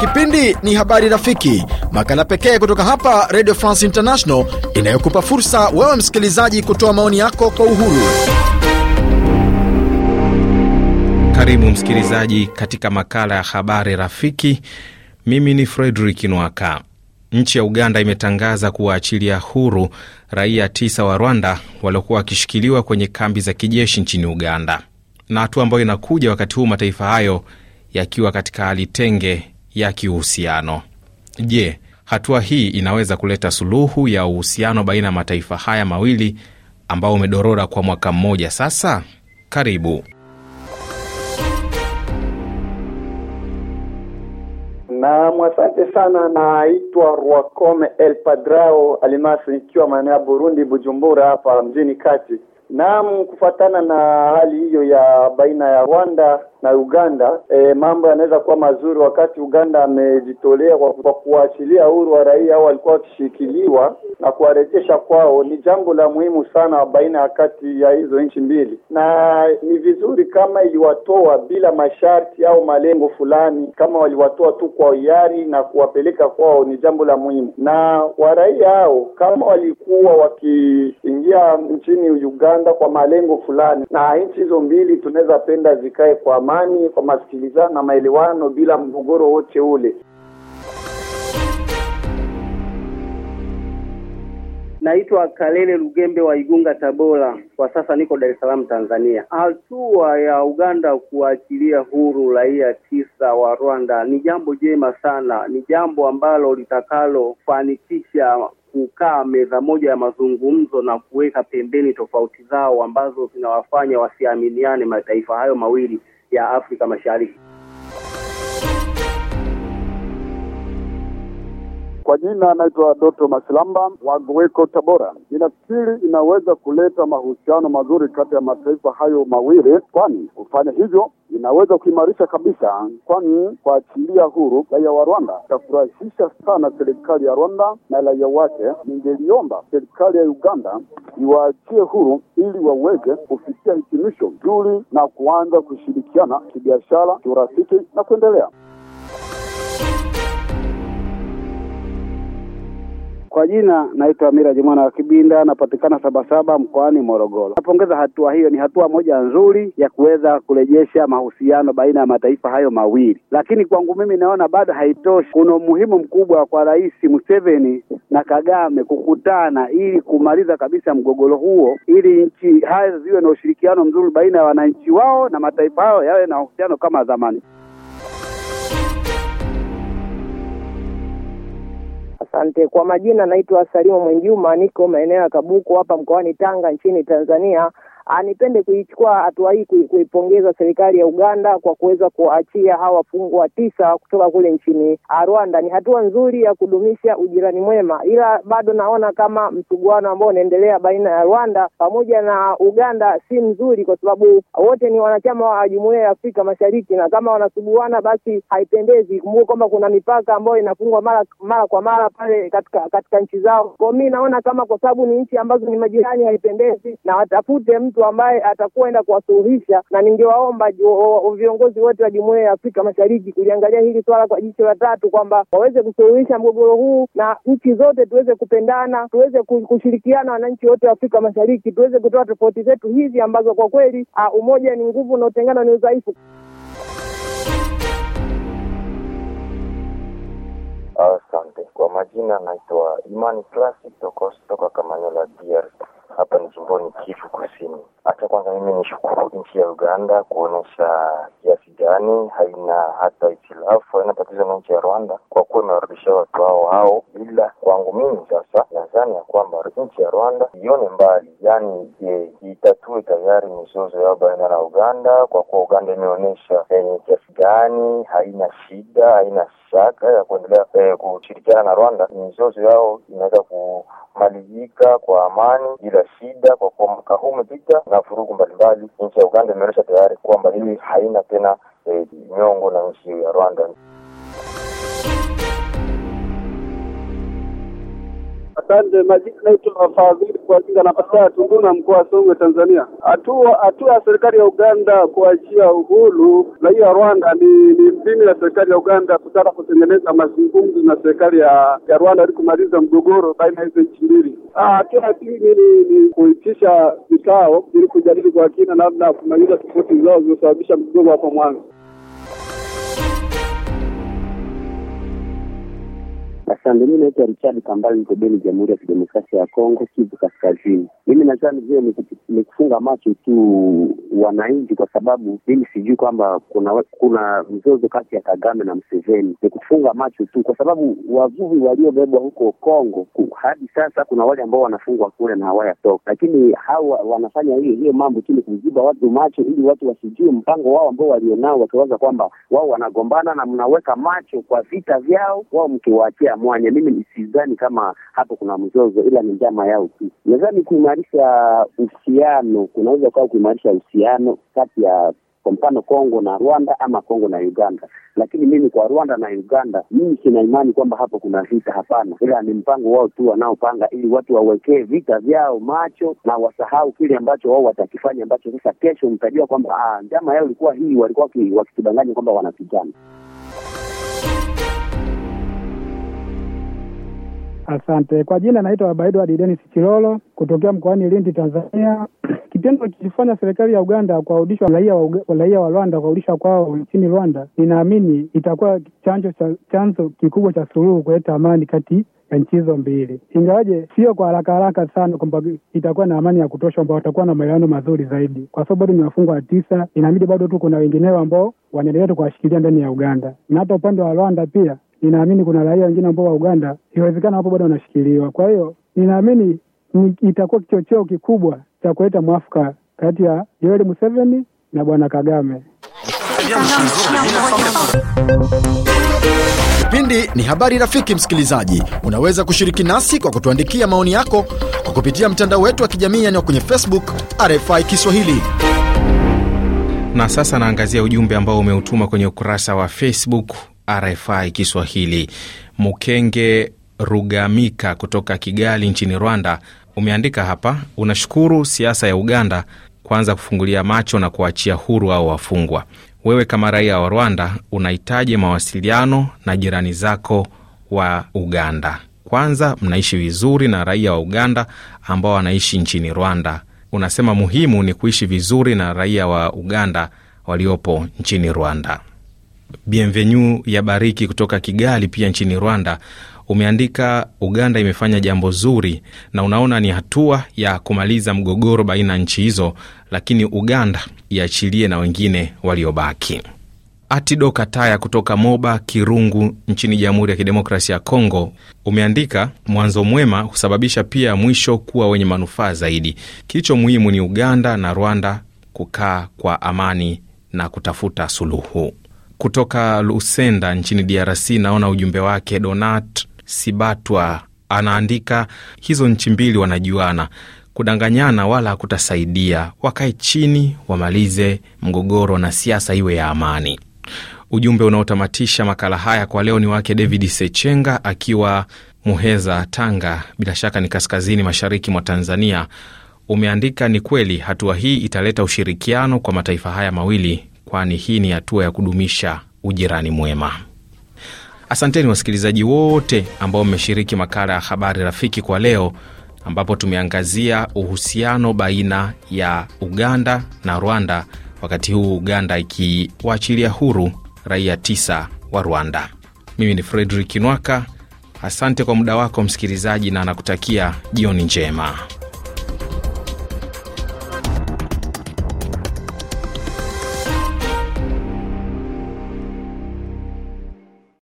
Kipindi ni Habari Rafiki, makala pekee kutoka hapa Radio France International inayokupa fursa wewe msikilizaji kutoa maoni yako kwa uhuru. Karibu msikilizaji katika makala ya Habari Rafiki. Mimi ni Fredrik Nwaka. Nchi ya Uganda imetangaza kuwaachilia huru raia tisa wa Rwanda waliokuwa wakishikiliwa kwenye kambi za kijeshi nchini Uganda na hatua ambayo inakuja wakati huu mataifa hayo yakiwa katika hali tenge ya kiuhusiano. Je, hatua hii inaweza kuleta suluhu ya uhusiano baina ya mataifa haya mawili ambao umedorora kwa mwaka mmoja sasa? Karibu. Naam, asante sana. Naitwa Ruacome El Padrao Alimasi, nikiwa maeneo ya Burundi, Bujumbura hapa mjini kati Naam, kufatana na hali hiyo ya baina ya Rwanda na Uganda, e, mambo yanaweza kuwa mazuri wakati Uganda amejitolea kwa kuachilia huru wa raia au walikuwa wakishikiliwa na kuwarejesha kwao. Ni jambo la muhimu sana baina ya kati ya hizo nchi mbili, na ni vizuri kama iliwatoa bila masharti au malengo fulani, kama waliwatoa tu kwa hiari na kuwapeleka kwao, ni jambo la muhimu. Na waraia hao kama walikuwa wakiingia nchini Uganda Uganda kwa malengo fulani, na nchi hizo mbili tunaweza penda zikae kwa amani, kwa masikilizano na maelewano bila mgogoro wote ule. Naitwa Kalele Lugembe wa Igunga, Tabora. Kwa sasa niko Dar es Salaam, Tanzania. Hatua ya Uganda kuachilia huru raia tisa wa Rwanda ni jambo jema sana, ni jambo ambalo litakalofanikisha kukaa meza moja ya mazungumzo na kuweka pembeni tofauti zao ambazo zinawafanya wasiaminiane mataifa hayo mawili ya Afrika Mashariki. jina anaitwa Doto Masilamba Gweko, Tabora. Ninafikiri inaweza kuleta mahusiano mazuri kati ya mataifa hayo mawili, kwani kufanya hivyo inaweza kuimarisha kabisa, kwani kuachilia huru raia wa Rwanda itafurahisha sana serikali ya Rwanda na raia wake. Ningeliomba serikali ya Uganda iwaachie huru ili waweze kufikia hitimisho zuri na kuanza kushirikiana kibiashara, kiurafiki na kuendelea. Kwa jina naitwa Miraji mwana wa Kibinda, napatikana Sabasaba mkoani Morogoro. Napongeza hatua hiyo, ni hatua moja nzuri ya kuweza kurejesha mahusiano baina ya mataifa hayo mawili, lakini kwangu mimi naona bado haitoshi. Kuna umuhimu mkubwa kwa Rais Museveni na Kagame kukutana ili kumaliza kabisa mgogoro huo, ili nchi haya ziwe na ushirikiano mzuri baina ya wananchi wao na mataifa hayo yawe na uhusiano kama zamani. Asante. Kwa majina naitwa Salimu Mwenjuma, niko maeneo ya Kabuku hapa mkoani Tanga nchini Tanzania. Ah, nipende kuichukua hatua hii kuipongeza serikali ya Uganda kwa kuweza kuachia hawa wafungwa tisa kutoka kule nchini ah, Rwanda. Ni hatua nzuri ya kudumisha ujirani mwema, ila bado naona kama msuguano ambao unaendelea baina ya Rwanda pamoja na Uganda si mzuri, kwa sababu wote ni wanachama wa Jumuiya ya Afrika Mashariki, na kama wanasuguana basi haipendezi. Kumbuka kwamba kuna mipaka ambayo inafungwa mara mara kwa mara pale katika katika nchi zao. Kwa mimi naona kama kwa sababu ni nchi ambazo ni majirani, haipendezi na watafute mtu mtu ambaye atakuwa kuwasuluhisha, na ningewaomba viongozi wote wa Jumuiya ya Afrika Mashariki kuliangalia hili swala kwa jicho la tatu, kwamba waweze kusuluhisha mgogoro huu na nchi zote tuweze kupendana, tuweze kushirikiana, wananchi wote wa Afrika Mashariki tuweze kutoa tofauti zetu hizi ambazo kwa kweli umoja ni nguvu na utengano ni udhaifu. Asante. Kwa majina naitwa Imani Klasi toka Kamanyola, DRC hapa ni jimboni Kivu Kusini. Hata kwanza mimi nishukuru nchi ya Uganda kuonyesha kiasi gani haina hata itilafu, haina tatizo na nchi ya Rwanda kwa kuwa imewarudisha watu hao hao, ila kwangu mimi sasa nadhani ya kwamba nchi ya Rwanda ione mbali, yani e, itatue tayari mizozo yao baina na Uganda kwa kuwa Uganda imeonyesha yenye kiasi gani, haina shida, haina shaka ya kuendelea eh, kushirikiana na Rwanda. Mizozo yao inaweza kumalizika kwa amani bila shida, kwa kuwa mwaka huu umepita na furugu mbalimbali. Nchi ya Uganda imeonyesha tayari kwamba hili haina tena eh, nyongo na nchi ya Rwanda. Asante Majini, naitwa Fadhili kwa kinga, napatikana Tunduma, mkoa wa Songwe, Tanzania. Hatua hatua ya serikali ya Uganda kuachia uhuru raia wa Rwanda ni ni mbinu ya serikali ya Uganda kutaka kutengeneza mazungumzo na serikali ya ya Rwanda ili kumaliza mgogoro baina ya hizo nchi mbili. Ah, hatua ya pili ni ni kuitisha vikao ili kujadili kwa kina namna ya kumaliza tofauti zao zilizosababisha mgogoro hapo mwanzo. Asante. Mi naitwa Richard Kambali, niko Beni, Jamhuri ya Kidemokrasia ya Kongo, Kivu Kaskazini. Mimi nadhani vile ni kufunga macho tu wananchi, kwa sababu mimi sijui kwamba kuna kuna mzozo kati ya Kagame na mseveni Ni kufunga macho tu, kwa sababu wavuvi waliobebwa huko Kongo hadi sasa, kuna wale ambao wanafungwa kule na hawayatoka, lakini hawa wanafanya hiyo hiyo mambo tu, ni kuziba watu macho ili watu wasijue mpango wao ambao walionao, wakiwaza kwamba wao wanagombana na mnaweka macho kwa vita vyao, wao mkiwaachia mwanya. Mimi nisizani kama hapo kuna mzozo, ila ni njama yao tu. Nadhani kuimarisha uhusiano kunaweza kuwa kuimarisha uhusiano kati ya kwa mfano Kongo na Rwanda ama Kongo na Uganda, lakini mimi kwa Rwanda na Uganda mimi sina imani kwamba hapo kuna vita. Hapana, ila ni mpango wao tu wanaopanga, ili watu wawekee vita vyao macho na wasahau kile ambacho wao watakifanya, ambacho sasa kesho mtajua kwamba ah, njama yao ilikuwa hii, walikuwa wakitudanganya kwamba wanapigana. Asante. Kwa jina naitwa Baba Edward Denis Chilolo kutokea mkoani Lindi, Tanzania. Kitendo kilichofanya serikali ya Uganda kuwarudisha raia wa raia wa Rwanda kuwarudisha kwao nchini Rwanda, ninaamini itakuwa chanzo cha chanzo kikubwa cha suluhu kuleta amani kati ya nchi hizo mbili, ingawaje sio kwa haraka haraka sana, kwamba itakuwa na amani ya kutosha, kwamba watakuwa na maelewano mazuri zaidi, kwa sababu bado ni wafungwa wa tisa, inabidi bado tu kuna wengineo ambao wanaendelea tu kuwashikilia ndani ya Uganda na hata upande wa Rwanda pia ninaamini kuna raia wengine ambao wa Uganda iwezekana wapo bado wanashikiliwa. Kwa hiyo ninaamini itakuwa kichocheo kikubwa cha kuleta mwafaka kati ya Yoweri Museveni na bwana Kagame. Kipindi ni habari. Rafiki msikilizaji, unaweza kushiriki nasi kwa kutuandikia maoni yako kwa kupitia mtandao wetu wa kijamii yani kwenye Facebook RFI Kiswahili. Na sasa naangazia ujumbe ambao umeutuma kwenye ukurasa wa Facebook RFI Kiswahili. Mukenge Rugamika kutoka Kigali nchini Rwanda umeandika hapa, unashukuru siasa ya Uganda kwanza kufungulia macho na kuachia huru au wafungwa. Wewe kama raia wa Rwanda unahitaji mawasiliano na jirani zako wa Uganda. Kwanza mnaishi vizuri na raia wa Uganda ambao wanaishi nchini Rwanda. Unasema muhimu ni kuishi vizuri na raia wa Uganda waliopo nchini Rwanda. Bienvenu ya Bariki kutoka Kigali pia nchini Rwanda umeandika Uganda imefanya jambo zuri na unaona ni hatua ya kumaliza mgogoro baina ya nchi hizo, lakini Uganda iachilie na wengine waliobaki. Atido Kataya kutoka Moba Kirungu nchini Jamhuri ya Kidemokrasia ya Kongo umeandika mwanzo mwema husababisha pia mwisho kuwa wenye manufaa zaidi. Kilicho muhimu ni Uganda na Rwanda kukaa kwa amani na kutafuta suluhu kutoka Lusenda nchini DRC. Naona ujumbe wake Donat Sibatwa anaandika, hizo nchi mbili wanajuana, kudanganyana wala hakutasaidia. Wakae chini wamalize mgogoro na siasa iwe ya amani. Ujumbe unaotamatisha makala haya kwa leo ni wake David Sechenga akiwa Muheza, Tanga, bila shaka ni kaskazini mashariki mwa Tanzania. Umeandika, ni kweli hatua hii italeta ushirikiano kwa mataifa haya mawili kwani hii ni hatua ya kudumisha ujirani mwema. Asanteni wasikilizaji wote ambao mmeshiriki makala ya habari rafiki kwa leo, ambapo tumeangazia uhusiano baina ya Uganda na Rwanda, wakati huu Uganda ikiwaachilia huru raia tisa wa Rwanda. Mimi ni Fredrik Nwaka, asante kwa muda wako msikilizaji, na nakutakia jioni njema.